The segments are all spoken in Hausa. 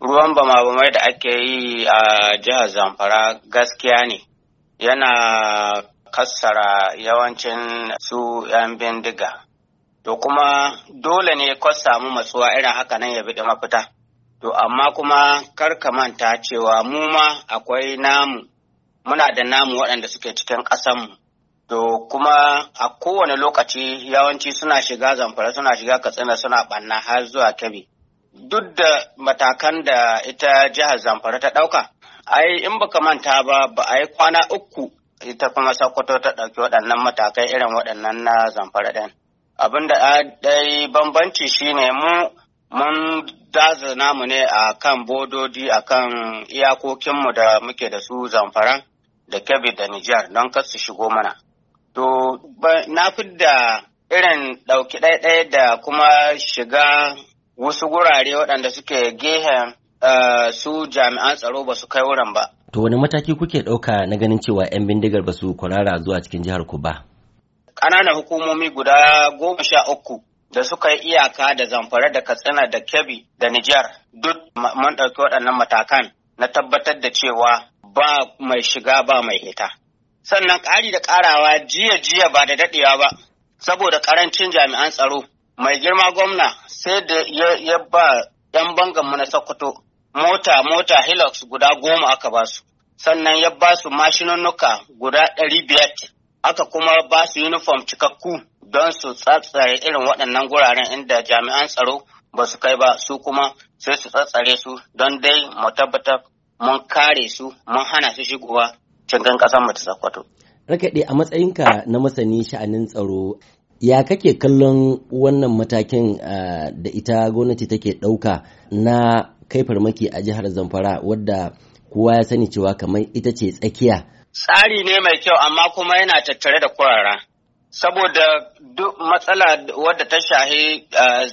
ruwan bama-bamai da ake yi a jihar zamfara gaskiya ne yana kassara yawancin su 'yan bindiga to kuma dole ne ka samu matsuwa irin haka nan ya biɗi mafita to amma kuma kar ka manta cewa mu ma akwai namu muna da namu waɗanda suke cikin ƙasanmu to kuma a kowane lokaci yawanci suna shiga zamfara suna shiga katsina suna ɓanna har zuwa kebe duk da matakan da ita jihar Zamfara ta ɗauka, ai in baka manta ba ba a yi kwana uku ita kuma Sokoto ta ɗauki waɗannan matakai irin waɗannan na Zamfara ɗin. Abin da dai bambanci shine mu mun daza namu ne a kan bododi a kan iyakokinmu da muke da su Zamfara da Kebbi da Nijar don kar su shigo mana. To na fi da irin ɗauki ɗaya da kuma shiga wasu gurare waɗanda suke gehen eh, su jami'an tsaro ba su kai wurin ba. To wani mataki kuke ɗauka na ganin cewa 'yan bindigar ba su kwarara zuwa cikin jihar ku ba? Ƙananan hukumomi guda goma sha uku da suka yi iyaka da zamfara da katsina da kebbi da Nijar duk mun ɗauki waɗannan matakan na tabbatar da cewa ba mai shiga ba mai hita. Sannan ƙari da ƙarawa jiya jiya ba da daɗewa ba saboda ƙarancin jami'an tsaro mai girma gwamna sai da ya ba yan bangan mu na Sokoto mota mota Hilux guda goma aka ba su sannan ya ba su mashinunnuka guda ɗari biyar aka kuma ba su uniform cikakku don su tsatsare irin waɗannan guraren inda jami'an tsaro ba su kai ba su kuma sai su tsatsare su don dai mu tabbatar mun kare su mun hana su shigowa cikin ƙasar mu ta sakwato. Rakaɗe a matsayinka na masani sha'anin tsaro Ya kake kallon wannan matakin da ita gwamnati take ɗauka na kai farmaki a jihar Zamfara wadda kowa ya sani cewa kamar ita ce tsakiya. Tsari ne mai kyau amma kuma yana tattare da kurara. Saboda duk matsala wadda ta shahi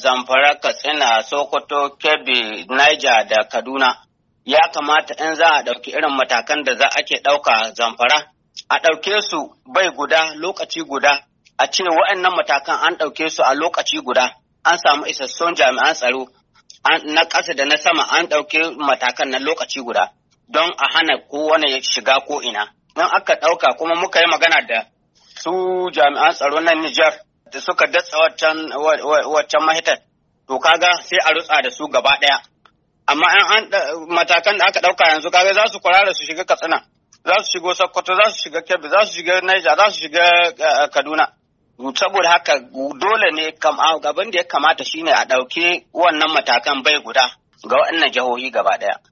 Zamfara, Katsina, Sokoto, Kebbi, Niger da Kaduna. Ya kamata in za a ɗauki irin matakan da za ake ɗauka Zamfara, a ɗauke su bai guda lokaci guda a ce wa'annan matakan an ɗauke su a lokaci guda an samu isassun jami'an tsaro na ƙasa da na sama an ɗauke matakan na lokaci guda don a hana kowane shiga ko ina don aka ɗauka kuma muka yi magana da su jami'an tsaro na Nijar da suka datsa waccan mahitar to kaga sai a rutsa da su gaba ɗaya amma an matakan da aka ɗauka yanzu kaga za su kwarara su shiga Katsina za su shigo Sokoto za su shiga Kebbi za su shiga Niger za su shiga eh, Kaduna saboda haka dole ne gaban da ya kamata shine a ɗauke wannan matakan bai guda ga waɗannan jihohi gaba ɗaya.